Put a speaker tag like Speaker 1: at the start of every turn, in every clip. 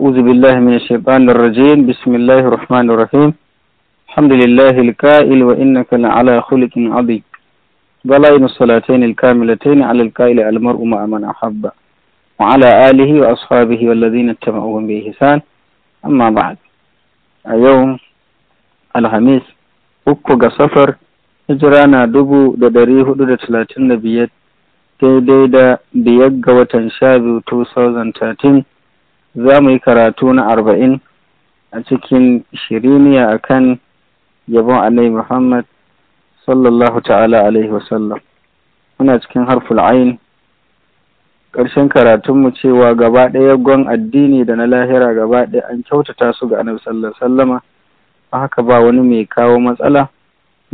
Speaker 1: أعوذ بالله من الشيطان الرجيم بسم الله الرحمن الرحيم الحمد لله الكائل وإنك لعلى خلق عظيم بلائن الصلاتين الكاملتين على الكائل المرء مع من أحب وعلى آله وأصحابه والذين اتبعوهم بإحسان أما بعد اليوم الخميس أكو سفر هجرانا دبو دداريه دودة تلاتين بيت daidai بيقوة biyar 2013 za mu yi karatu na arba'in a cikin shiriniya a kan yabon Annabi Muhammad sallallahu ta'ala alaihi wasallam. Muna cikin harful ayin ƙarshen karatunmu cewa gaba ɗaya gwan addini da na lahira gaba ɗaya an kyautata su ga Annabi sallallahu sallama haka ba wani mai kawo matsala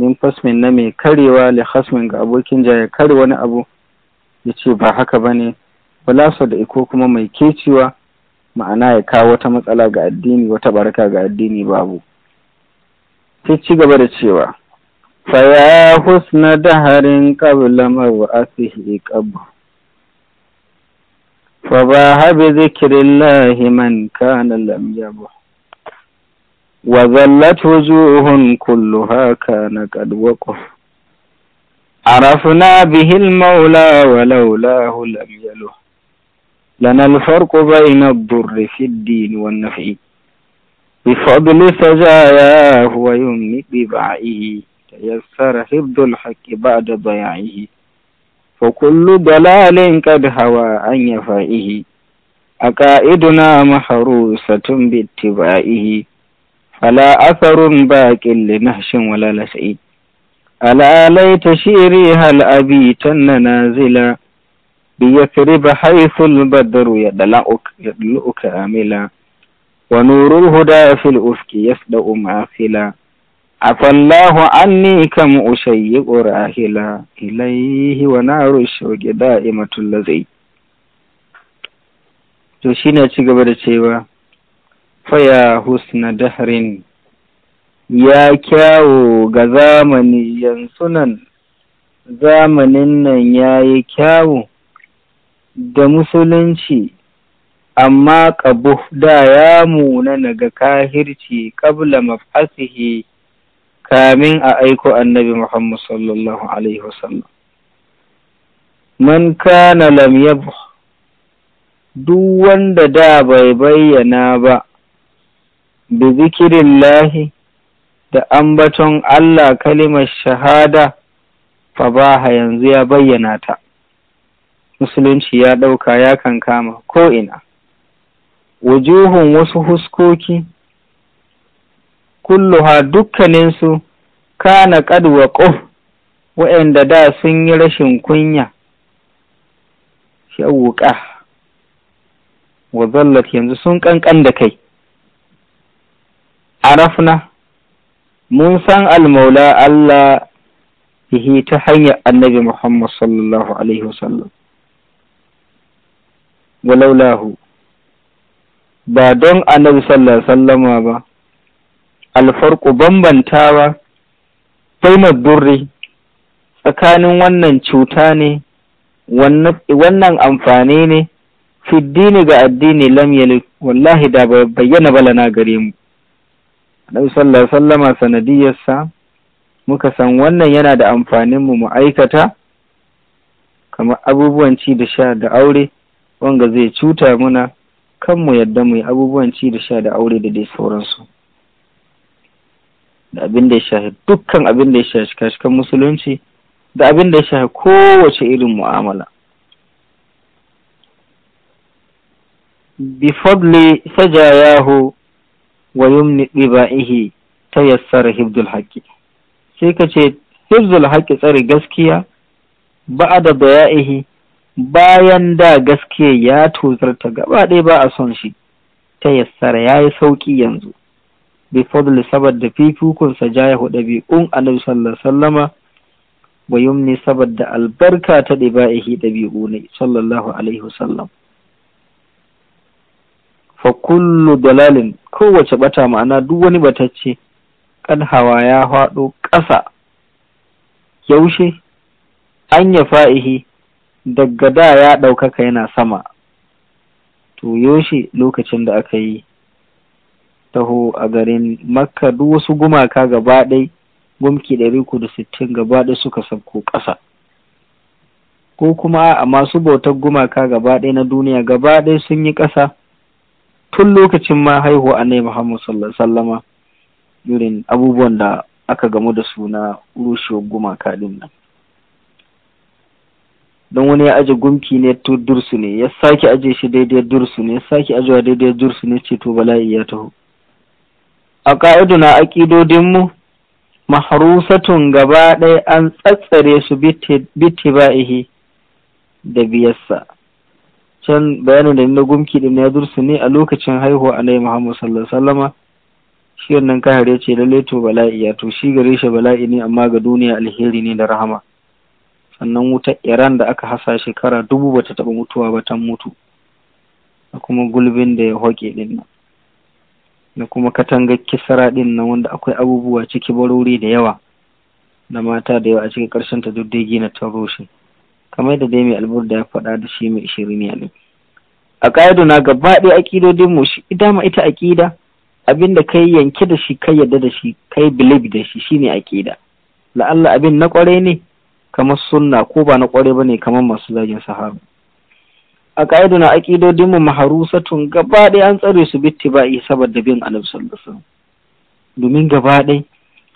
Speaker 1: min fasmin na mai karewa li hasmin ga abokin jaya kare wani abu ya ce ba haka ba ne wala da iko kuma mai kecewa ma'ana ya kawo wata matsala ga addini wata barka ga addini babu sai ci gaba da cewa faya husna daharin qabla mawasihi qabla fa ba habi zikrillahi man kana lam yabu wa zallat wujuhun kulluha kana qad waqafa عرفنا به wa ولولاه لم يله لنا الفرق بين الضر في الدين والنفع بفضل سجاياه ويمي ببعئه تيسر حفظ الحق بعد ضياعه فكل ضلال قد هوى أن يفائه أكائدنا محروسة باتبائه فلا أثر باق لنهش ولا لسعيد ألا ليت شيري هل تن نازلا بيثرب حيث البدر يدلؤك يدلعك آملا ونور الهدى في الأفق يفدأ ماخلا عفى الله عني كم أشيق راهلا إليه ونار الشوق دائمة الذي to shine ci فيا حسن دهر يا كاو غزامني ينسنن kyawo ga zamani zamanin nan ya yi kyawo da musulunci amma ƙabu da ya muna ga kahirci ƙabla maf'asihi kamin a aiko annabi Muhammad sallallahu Alaihi wasallam. Man kana lam yabu duk wanda da bai bayyana ba, bi zikirin lahi da ambaton Allah kalimar shahada, fa ba yanzu ya bayyana ta. musulunci ya ɗauka ya kama ko'ina wujuhun wasu huskoki kulluha dukkaninsu kana ƙadwa ƙof wa'yanda da sun yi rashin kunya shawuƙa wa zallat yanzu sun ƙanƙan da kai arafna mun san almaula Allah bihi ta hanyar annabi Muhammad sallallahu alaihi wasallam walaulahu ba don annabi sallallahu sallama ba alfarku bambantawa bainar durri tsakanin wannan cuta ne wannan amfani ne fiddini ga addini lamyali wallahi da bayyana balana gare mu annabi sallallahu sallama sanadiyarsa muka san wannan yana da amfanin mu mu aikata kamar abubuwan ci da sha da aure wanga zai cuta muna kan mu yadda mu yi abubuwan ci da sha da aure da dai sauransu da abin da ya shafi dukkan abin da ya shafi kashikan musulunci da abin da ya shafi kowace irin mu'amala bifadli sajayahu wa yumni ɗiba'ihi ta yassara hibdul haƙƙi sai ka ce hibdul haƙƙi tsare gaskiya ba'a da baya'ihi bayan da gaske ya tozarta gaba ɗaya ba a son shi ta yassara ya yi sauƙi yanzu bi fadli saboda fifikunsa ja ya hudu bi'un annabi sallallahu sallama wa yumni saboda albarka ta ɗiba'ihi ɗabi'u ne sallallahu alaihi wasallam fa kullu dalalin kowace bata ma'ana duk wani batacce kan hawa ya faɗo ƙasa yaushe an ya fa'ihi daga da ya ɗaukaka yana sama to yoshe lokacin da aka yi taho a garin makka duk wasu gumaka gaba ɗai gumki ɗari da sittin gaba ɗai suka sabko ƙasa ko kuma a masu bautar gumaka gaba ɗai na duniya gaba ɗai sun yi ƙasa tun lokacin ma haihuwa annai muhammad sallallahu sallama irin abubuwan da aka gamu da su na rushewar gumaka ɗin nan don wani ya aje gumki ne to dursu ne ya sake aje shi daidai dursu ne ya sake ajewa daidai dursu ne ce to bala'i ya taho a na aƙidodinmu maharusatun gaba ɗaya an tsatsare su bittiba'ihi da biyarsa can bayanin da na gumki din ya dursu ne a lokacin haihuwa annabi Muhammad sallallahu alaihi wasallama shi wannan kahare ce lalle to bala'i ya to shi gare shi bala'i ne amma ga duniya alheri ne da rahama sannan wutar iran da aka hasa shekara dubu bata taba mutuwa ba tan mutu da kuma gulbin da ya hoƙe ɗin nan da kuma katangar kisara din nan wanda akwai abubuwa ciki barori da yawa da mata da yawa a cikin karshen ta duk dai gina ta roshi kamar da dai mai alburda ya faɗa da shi mai ya ne a na gaba ɗaya aƙidodin mu shi ita ma ita aƙida abin da kai yanke da shi kai yadda da shi kai bilib da shi shine aƙida la'alla abin na ƙwarai ne kamar sunna ko ba na kware bane kamar masu zagin sahaba a ka'idu na aƙidodin mu maharusatun gaba ɗaya an tsare su bittiba'i saboda bin annabi sallallahu domin gaba ɗaya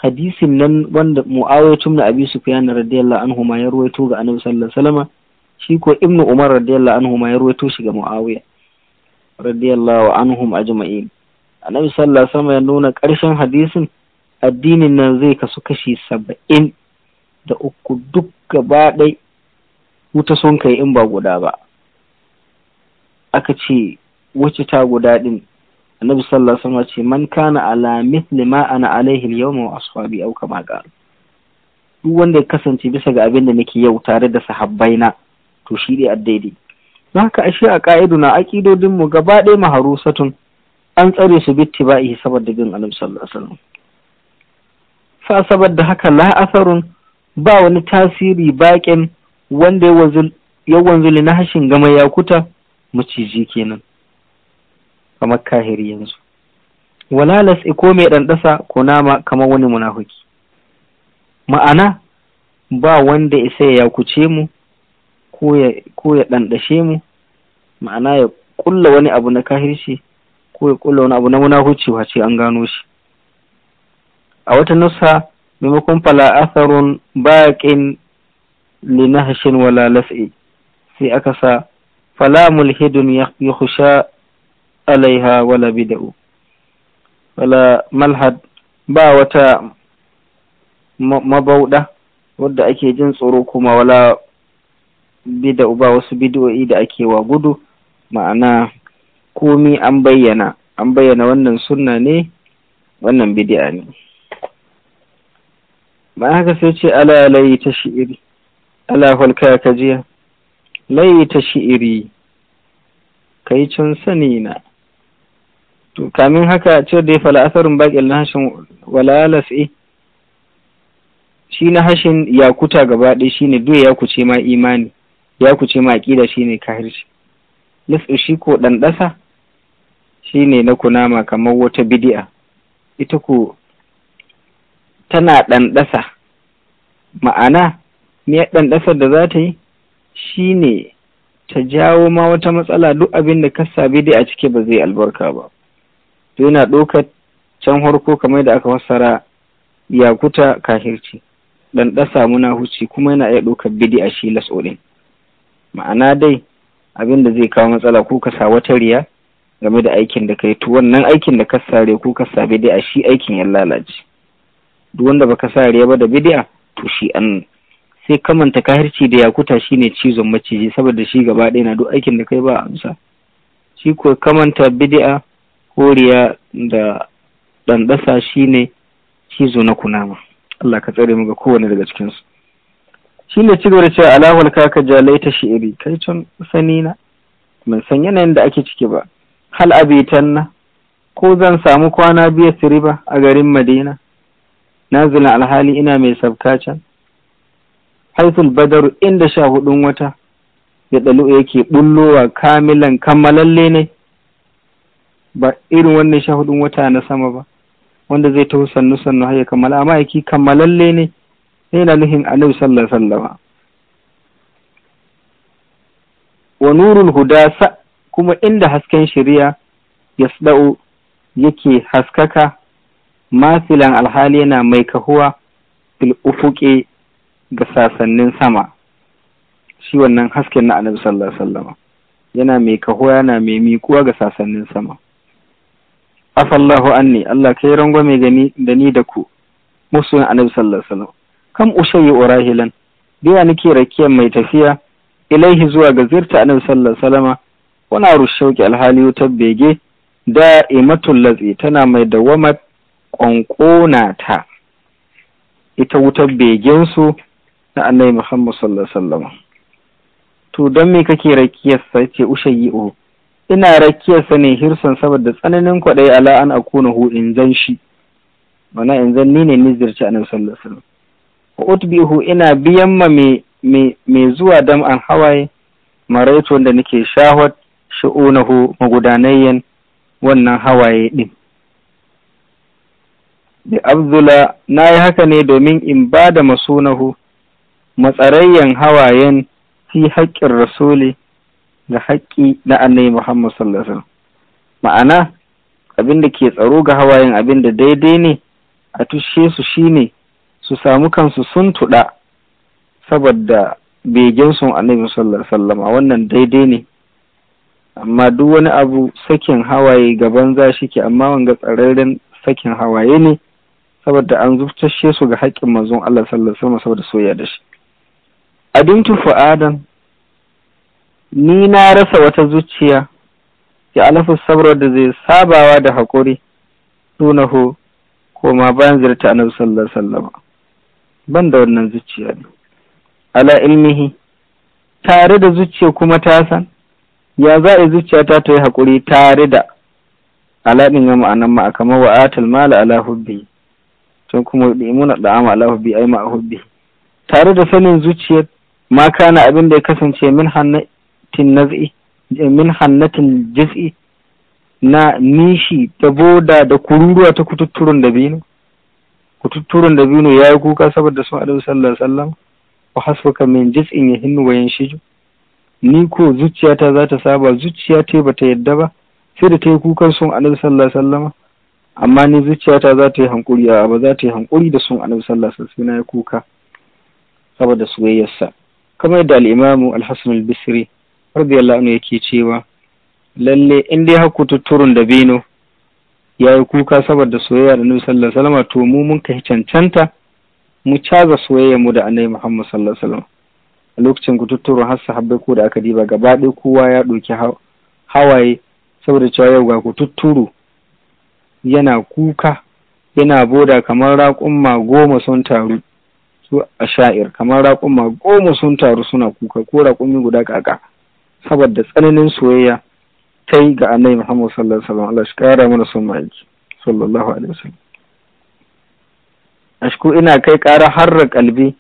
Speaker 1: hadisin nan wanda mu'awiyatun na abi sufyan radiyallahu anhu ma ya ruwaito ga annabi sallallahu alaihi shi ko ibnu umar radiyallahu anhu ma ya ruwaito shi ga mu'awiya radiyallahu anhum ajma'in annabi sallallahu alaihi ya nuna ƙarshen hadisin addinin nan zai kasu kashi saba'in da uku duk gaba ɗai wuta sun kai in ba guda ba aka ce wacce ta guda ɗin annabi sallallahu alaihi wasallam ce man kana ala mithli ma ana alaihi al-yawma wa ashabi aw kama duk wanda ya kasance bisa ga abin da nake yau tare da sahabbaina to shi dai addaidai don haka ashe a ka'iduna aqidodin mu gaba ɗaya maharusatun an tsare su ba'i saboda bin annabi sallallahu alaihi wasallam saboda haka la ba wani tasiri baƙin wanda ya zuli na hashin gama ya kuta maciji kenan kamar kahiri yanzu walalas iko mai ɗanɗasa ko nama kamar wani munafuki ma'ana ba wanda isa ya kuce mu ko ya ɗanɗashe mu ma'ana ya ƙulla wani abu na kahirci ko ya ƙulla wani abu na munafuci wace an gano shi a wata nusa maimakon fala asarun baƙin linahshin wala las'i sai aka sa fala mulhidun yakhsha alaiha wala Bida'u, wala malhad ba wata mabauda wadda ake jin tsoro kuma wala bida'u ba wasu bid'o'i da ake wa gudu ma'ana komi an bayyana an bayyana wannan sunna ne wannan bid'a ne ba haka sai ce ala lai ta shi'iri ala hulka ka jiya layi ta shi'iri kai can sani na to kamin haka ce da ya fala asarin baƙin na hashin walalas eh shi na hashin yakuta gaba ɗaya shine duk ya kuce ma imani ya kuce ma aƙida shine kahirci lissu shi ko ɗanɗasa ne na kunama kamar wata bidi'a ita ko tana ɗanɗasa ma'ana miyar ɗanɗasar da za ta yi shi ne ta jawo ma wata matsala duk abin da ka sabi dai a ciki ba zai albarka ba to yana ɗaukar can harko kamar da aka fassara yakuta kahirci ɗanɗasa muna huci kuma yana iya ɗaukar bidi a shi las ma'ana dai abin da zai kawo matsala ko ka sa wata riya game da aikin da kai tuwon nan aikin da ka sare ko ka sabi dai a shi aikin ya lalace duk wanda baka sa riya ba da bid'a to shi an sai kamanta kahirci da yakuta shine cizon maciji saboda shi gaba ɗaya na duk aikin da kai ba amsa shi ko kamanta bid'a koriya da ɗanɗasa shine cizo na kunama Allah ka tsare mu ga kowane daga cikinsu shi ne cigaba da cewa alawal kaka jalai ta shi'iri kai can sani na ban san yanayin da ake ciki ba hal abitan na ko zan samu kwana biyar siri ba a garin madina nazila alhali ina mai sabka can haifin badaru inda sha hudun wata ya dalu yake bullowa kamilan kammalalle ne ba irin wannan sha hudun wata na sama ba wanda zai taho sannu sannu har ya kammala amma yake kammalalle ne yana nuhin alaihi sallallahu alaihi wa nurul huda kuma inda hasken shari'a ya yake haskaka masilan alhali yana mai kahuwa fil ufuqi ga sasannin sama shi wannan hasken na annabi sallallahu alaihi wasallam yana mai kahuwa yana mai miƙuwa ga sasannin sama afallahu anni Allah kai rangwame gani da ni da ku musulun annabi sallallahu alaihi wasallam kam ushayi urahilan ya nake rakiyar mai tafiya ilaihi zuwa ga zirta annabi sallallahu alaihi wasallam wana rushauki alhali ta bege da imatul latsi tana mai dawamar ƙwanƙona ta ita wutar su na annabi Muhammad sallallahu alaihi wasallam to don me kake sa ce ushayi'u ina sa ne hirsan saboda tsananin kwaɗayi ala an hu in zan shi mana in zan ni ne ni zirci annabi sallallahu alaihi wasallam Ko utbihu ina biyan ma me zuwa dam an hawaye maraito wanda nake shahwat shu'unahu magudanayyan wannan hawaye din bi abdula na yi haka ne domin in ba da masunahu matsarayyan hawayen fi haƙƙin rasuli ga haƙƙi na annabi Muhammad sallallahu alaihi ma'ana abin da ke tsaro ga hawayen abin da daidai ne a tushe su shine su samu kansu sun tuɗa saboda begen sun annabi sallallahu alaihi wannan daidai ne amma duk wani abu sakin hawaye gaban za shi ke amma wanga tsararren sakin hawaye ne saboda an zuftashe su ga haƙƙin manzon Allah sallallahu alaihi wasallam saboda soyayya da shi adintu fu'adan ni na rasa wata zuciya ya alafu sabrar da zai sabawa da hakuri, dunahu ko ma bayan zirta annabi sallallahu alaihi wasallam ban da wannan zuciya ne ala ilmihi tare da zuciya kuma ta san ya za a zuciya ta ta yi haƙuri tare da alaɗin ya ma'anan ma'a kamar wa atal mala ala hubbi sun kuma da da'ama ala bi ai ma hubbi tare da sanin zuciyar ma kana abin da ya kasance min hannatin naz'i eh, min hannatin jiz'i na nishi da boda da kururuwa ta kututturun da bino kututturun da bino yayi kuka saboda sun alaihi sallallahu alaihi wasallam wa hasbuka min jiz'in yahinnu wa yanshiju ni ko zuciyata za ta saba zuciya ta bata yadda ba sai da ta yi kukan sun annabi sallallahu alaihi amma ni zuciyata za ta yi hankuri a ba za ta yi hankuri da sun annabi sallallahu alaihi wasallam ya kuka saboda soyayyarsa kamar yadda al-imamu al-hasan al-bisri radiyallahu anhu yake cewa lalle in dai haku tutturun da beno ya yi kuka saboda soyayya da annabi sallallahu alaihi to mu mun kai cancanta mu caza soyayya mu da annabi muhammad sallallahu alaihi a lokacin ku tutturun har sahabbai ko da aka diba gaba ɗaya kowa ya ɗauki hawaye saboda cewa yau ga ku tutturu yana kuka yana boda kamar raƙumma goma sun taru su a sha'ir kamar raƙumma goma sun taru suna kuka ko raƙumi guda ƙaƙa saboda tsananin soyayya ta yi ga annabi Muhammad sallallahu alaihi wasallam Allah shi kara mana son ma'aiki sallallahu alaihi wasallam ashku ina kai ƙara harra kalbi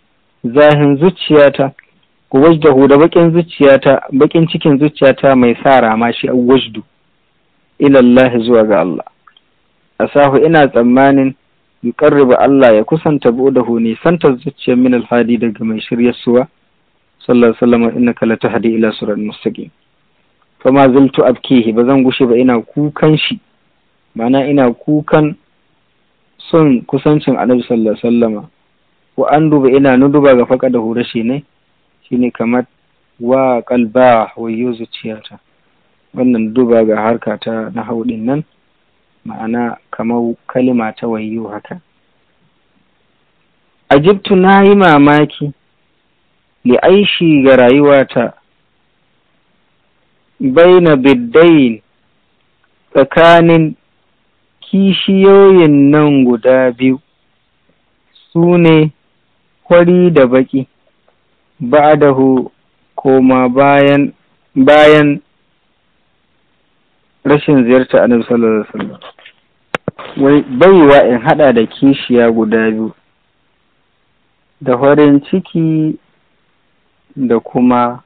Speaker 1: zahin zuciyata ku wajdahu da bakin zuciyata bakin cikin zuciyata mai sa rama shi wajdu ila Allah zuwa ga Allah asahu ina tsammanin yuqarribu Allah ya kusanta buɗahu ne santa zuciyar min alhadi daga mai shirya suwa sallallahu alaihi innaka la tahdi ila sirat mustaqim fama ziltu abkihi bazan gushe ba ina kukan shi mana ina kukan son kusancin annabi sallallahu alaihi wa an duba ina nuduba ga faka da shi ne shine kamar wa kalba wayo zuciyata wannan duba ga harkata na haudin nan ma'ana kamar kalima ta wayyo haka ajibtu na yi mamaki li aishi ga rayuwata baina biddain tsakanin kishiyoyin nan guda biyu su ne kwari da baƙi dahu koma bayan bayan rashin ziyarta annabi sallallahu alaihi wai baiwa in hada da kishiya guda biyu da farin ciki da kuma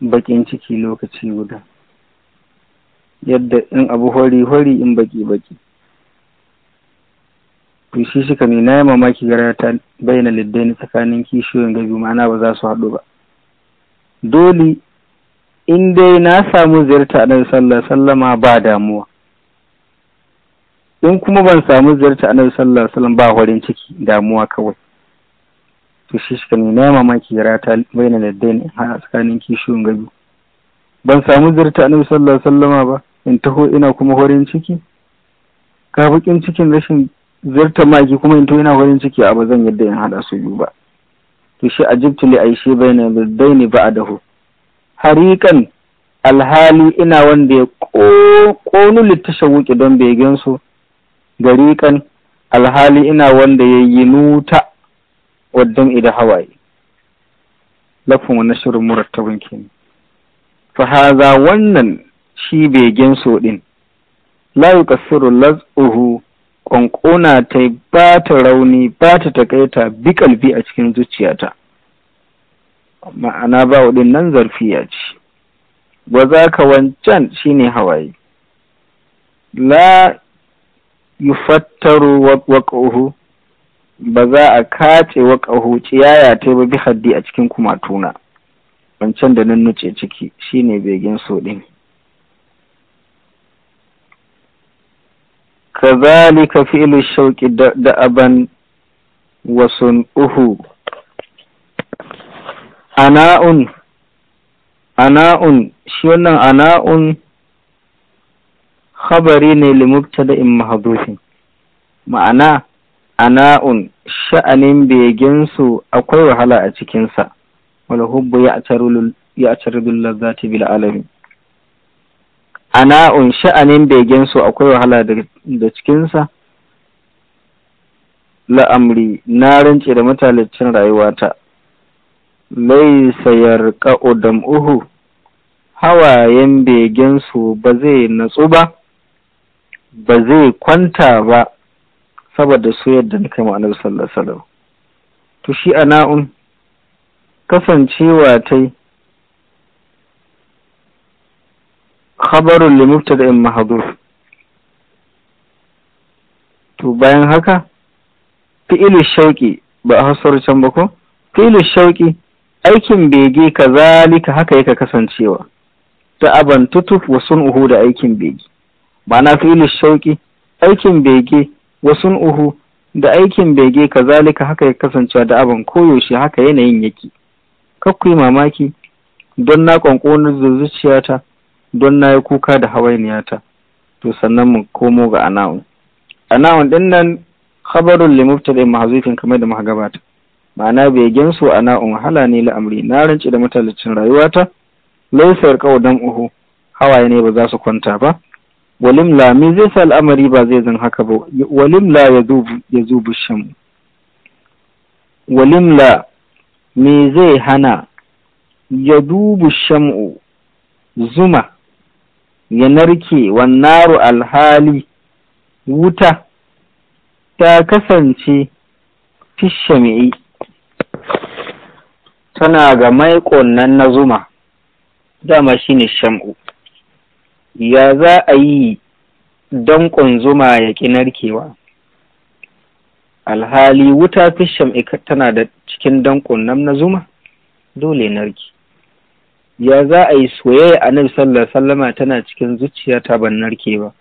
Speaker 1: bakin ciki lokaci guda yadda in abu hori hori in baki baki to shi shi na yi mamaki gara ta bayyana na tsakanin kishiyoyin gabi ma'ana ba za su haɗu ba dole in dai na samu ziyarta annabi sallallahu alaihi wasallama ba damuwa in kuma ban samu ziyarta annabi sallallahu alaihi wasallam ba horin ciki damuwa kawai to shi shi ne mamaki ya rata baina da dain a tsakanin kishiyun gabi ban samu ziyarta annabi sallallahu alaihi wasallama ba in taho ina kuma horin ciki ka bukin cikin rashin ziyarta maki kuma in taho ina horin ciki a ba zan yadda in hada su biyu ba to shi ajibtu li aishi baina da dain ba'dahu hariƙan alhali ina wanda ya ƙonu wuƙi don begensu gariƙan alhali ina wanda ya yi nuta waddan ida hawaye lafin wani shirin murattabin kenan fa haza wannan shi begen so din la kasiru latsuhu ƙwanƙona ta ba ta rauni ba ta takaita bi kalbi a cikin zuciyata ma'ana ba'u din nan zarfiya ci ci. za ka wancan ne hawaye la yufattaru waƙahu ba za a kace waƙahu ciyaya ta ba bi haddi a cikin kumatuna wancan da nan ciki ciki ne begen so ɗin ka kazalika fi'lu shauƙi da'aban wasu uhu. ana'un ana'un shi wannan ana'un khabari ne in mahdhufin ma'ana ana'un sha'anin begensu akwai wahala a cikinsa wala hubbu ya acaridun lazzati bil alami ana'un sha'anin begensu akwai wahala da cikinsa la'amri na rance da matalicin rayuwata laisa yarqa'u dam'uhu hawayen begensu ba zai natsu ba ba zai kwanta ba saboda su yadda na kai ma'anar sallallahu alaihi to shi na'un kasancewa ta yi. khabarun limubta da mahadur to bayan haka fi'ilu shauƙi ba a hasar can ba ko fi'ilu shauƙi aikin bege kazalika haka yake kasancewa ta aban tutuf wa uhu da aikin bege ma'ana fi'il shauki aikin bege wa uhu da aikin bege kazalika haka yake kasancewa da aban koyaushe haka yanayin yake yi mamaki don na kwankoni da zuciyata don na yi kuka da hawainiyata to sannan mu komo ga ana'u ana'un din nan khabarun limubtadin mahazufin kamar da muka gabata ma'ana begen su ana un hala ne la'amri na rance da matalicin rayuwata laisar kawo dan uhu hawaye ne ba za su kwanta ba walim la mi zai sa al'amari ba zai zan haka ba walim la ya zubu shan walim la me zai hana ya dubu shamu zuma ya narke wannaru alhali wuta ta kasance fi tana ga maiƙon nan na zuma dama shi ne sham'u ya za a yi danƙon zuma ya ƙi narkewa alhali wuta fi sham'i tana da cikin danƙon nan na zuma dole narki ya za a yi soyayya annabi sallallahu sallama tana cikin zuciya ta ban narke ba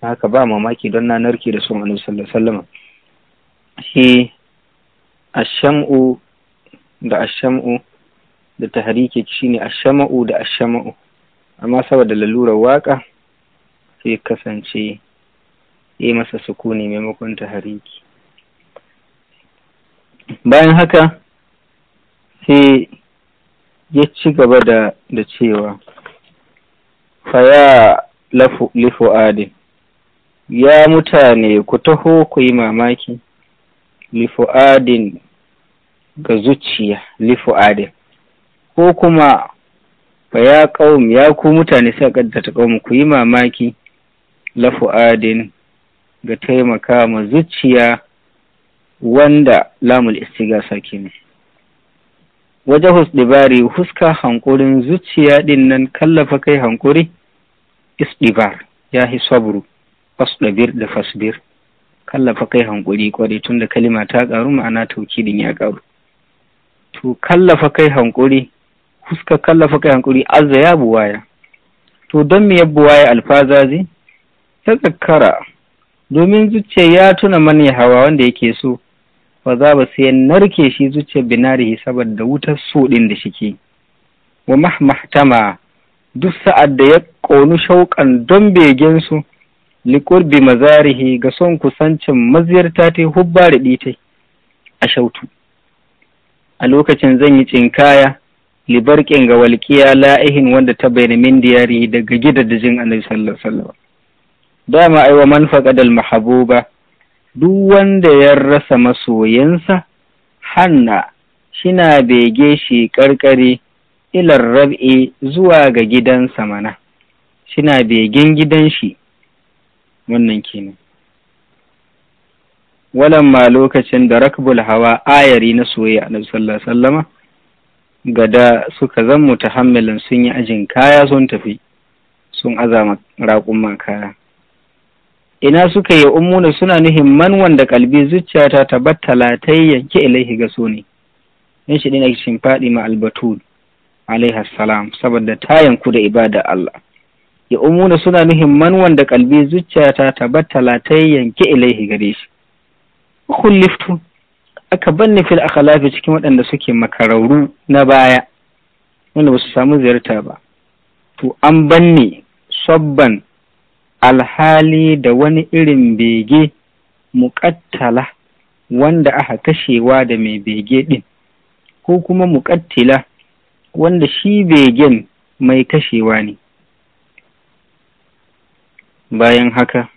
Speaker 1: haka ba mamaki don na narke da sun annabi sallallahu sallama shi da asham'u da tahariki shine ashama'u da ashama'u amma saboda lalurar waka sai kasance yi masa sukuni maimakon tahariki bayan haka sai ya ci gaba da, da cewa faya adin, ya mutane ku taho ku yi mamaki adin. ga zuciya lifu lifu'adin ko kuma fa ya kawo ya ku mutane sai kadda ta ku yi mamaki adin ga taimaka ma zuciya wanda lamul istigasa ne waje husdibari huska hankurin zuciya din nan kallafa kai hankuri isdibar ya hi sabru fasdabir da fasbir kallafa kai hankuri kwarai tunda kalima ta karu ma'ana taukidin ya karu to kallafa kai hankuri fuska kallafa kai hankuri azza ya buwaya to don me ya buwaya alfazazi ta tsakkara domin zuciya ya tuna mani hawa wanda yake so ba za ba sai narke shi zuciya binarihi saboda wutar so din da shike wa mahmahtama duk sa'ad da ya ƙonu shauƙan don begen su liƙurbi mazarihi ga son kusancin maziyarta ta hubba da ɗitai a shautu a lokacin zan yi cinkaya libarkin ga walƙiya la'ihin wanda ta bayyana min diyari daga jin annabi sallallahu alaihi wasallam dama aiwa man faqadal mahabuba duk wanda ya rasa masoyansa hanna shina bege shi karkare ilar rab'i zuwa ga gidansa mana shina begen gidan shi wannan kenan Walan ma lokacin da rakbul hawa ayari na soyayya na sallallahu alaihi wasallama gada suka zan mutahammilin sun yi ajin kaya sun tafi sun azama ma kaya ina suka yi ummuna suna nuhin man wanda kalbi zuciyata ta battala ta yanke ilaihi ga so ne in shi dina cikin faɗi ma albatul alaihi salam saboda ta yanku da ibada Allah ya ummuna suna nuhin man wanda kalbi zuciyata ta battala ta yanke ilaihi gare shi khulliftu aka banni fil akhlafi cikin waɗanda suke makararru na baya wanda ba su samu ziyarta ba to an banne sabban alhali da wani irin bege muƙattala wanda aka kashewa da mai bege ɗin ko kuma muƙattila wanda shi begen mai kashewa ne bayan haka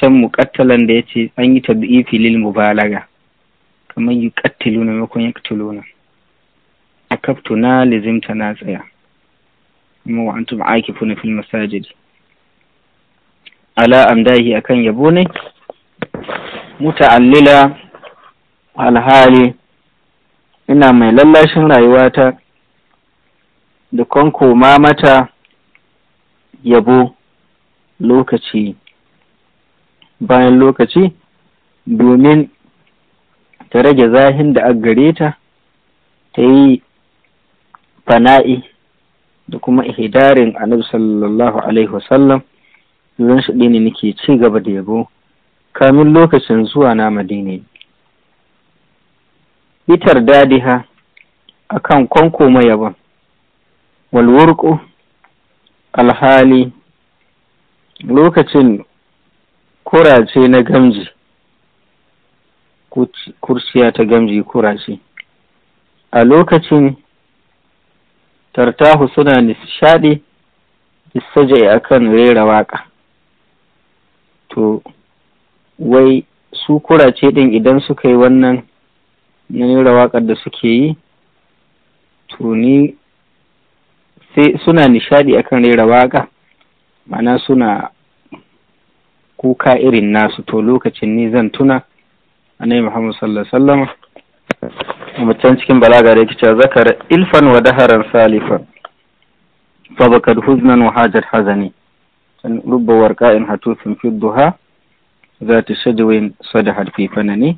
Speaker 1: can mukattalan da ya ce an yi tabi'ifi lil mubalaga kamar yi na makon ya na a na lizimta na tsaya kuma wa antum akifuna fil masajid ala amdahi akan yabo ne muta'allila alhali ina mai lallashin rayuwata da koma mata yabo lokaci bayan lokaci domin ta rage zahin da gare ta ta yi fana'i da kuma ihdarin annabi sallallahu alaihi wasallam zan shi ne nake ci gaba da yabo kamin lokacin zuwa na madina bitar dadiha akan kwankoma yabon walwurko alhali lokacin kuraje na gamji kurciya ta gamji kurace a lokacin tartahu suna nishaɗi isaje a kan rera waka. to wai su kurace din idan suka yi wannan na rera wakar da suke yi to ni sai suna nishaɗi akan rera waka, ma'ana suna kuka irin nasu to lokacin ni zan tuna annabi Muhammad sallallahu alaihi wasallam mutan cikin balaga da yake cewa zakara ilfan wa daharan salifan fa bakad huznan wa hajat hazani san rubba warqa'in hatufin fi duha zati shadwin sadahat fi fanani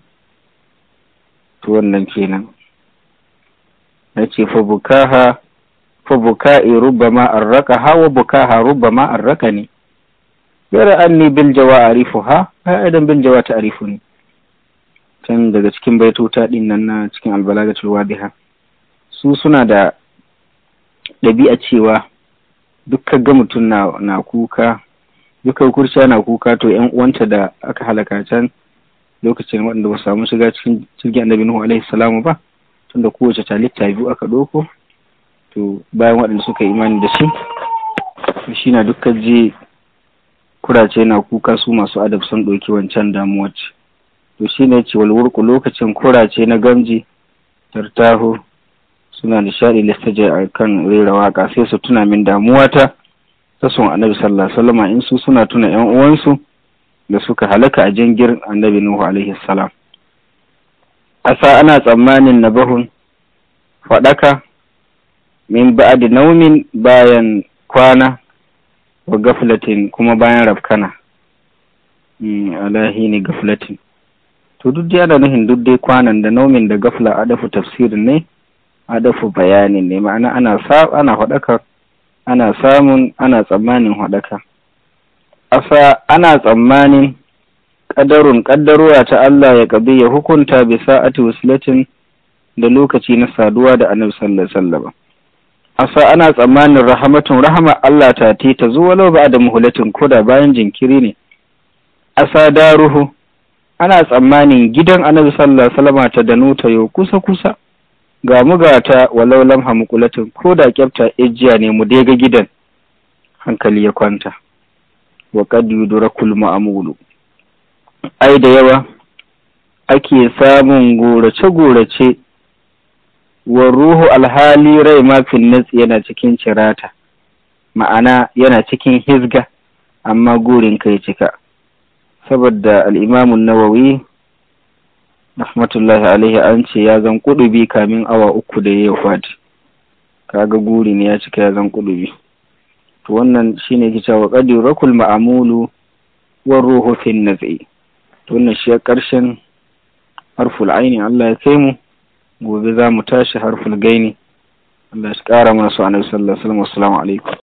Speaker 1: to wannan kenan ce fa bukaha fa buka'i rubbama arraqaha wa bukaha ne. gara anni a jawa ha? ai adam ta arifu ne. can daga cikin baitota din nan na cikin albalagatul wadiha su suna da ɗabi'a cewa dukkan ga mutum na, kuka dukkan kurciya na kuka to yan uwanta da aka halaka can lokacin waɗanda ba samu shiga cikin jirgin annabi nuhu alaihi salamu ba tunda kowace talitta biyu aka ɗauko to bayan waɗanda suka imani da shi shi na dukkan je kurace na kuka su masu adab sun ɗauki wancan damuwa ce to shi ne ce ku lokacin kurace na gamji tartaho suna nishaɗi listaje a kan rera waƙa, sai su tuna min damuwata ta sun annabi sallallahu alaihi in su suna tuna yan uwansu da suka halaka a jingir annabi nuhu alaihi salam asa ana tsammanin na bahun faɗaka min ba'adi naumin bayan kwana wa gaflatin kuma bayan rafkana mm, alahi ne gaflatin to duk da yana nuhin duk dai kwanan da naumin da gafla adafu tafsirin ne adafu bayanin ne ma'ana ana ana ana samun ana tsammanin faɗaka asa ana tsammanin ƙadarun ƙaddarowa ta Allah ya ƙabi ya hukunta bisa ati wasilatin da lokaci na saduwa da annabi sallallahu alaihi wasallam asa ana tsammanin rahamatun rahama Allah ta te ta zo walau ba da muhulatin koda bayan jinkiri ne asa daruhu ana tsammanin gidan annabi sallallahu alaihi ta danu ta yo kusa kusa ga mugata walau lamha ko koda kyafta ijiya ne mu daga gidan hankali ya kwanta wa qad yudrakul ma'mulu ai da yawa ake samun gorace-gorace wa ruhu alhali rai ma finnats yana cikin cirata ma'ana yana cikin hizga amma gurin kai cika saboda al'imamun nawawi rahmatullahi alaihi an ce ya zan kudubi kamin awa uku da ya kwati kaga guri ne ya cika ya zan kudubi to wannan shine ke cewa Rakul ma'amulu wa ruhu fin naz'i to wannan shi ya karshen harful aini Allah ya kai mu gobe za mu tashi har gaini Allah shi ƙara mana su annabi sallallahu alaihi wasallam assalamu alaikum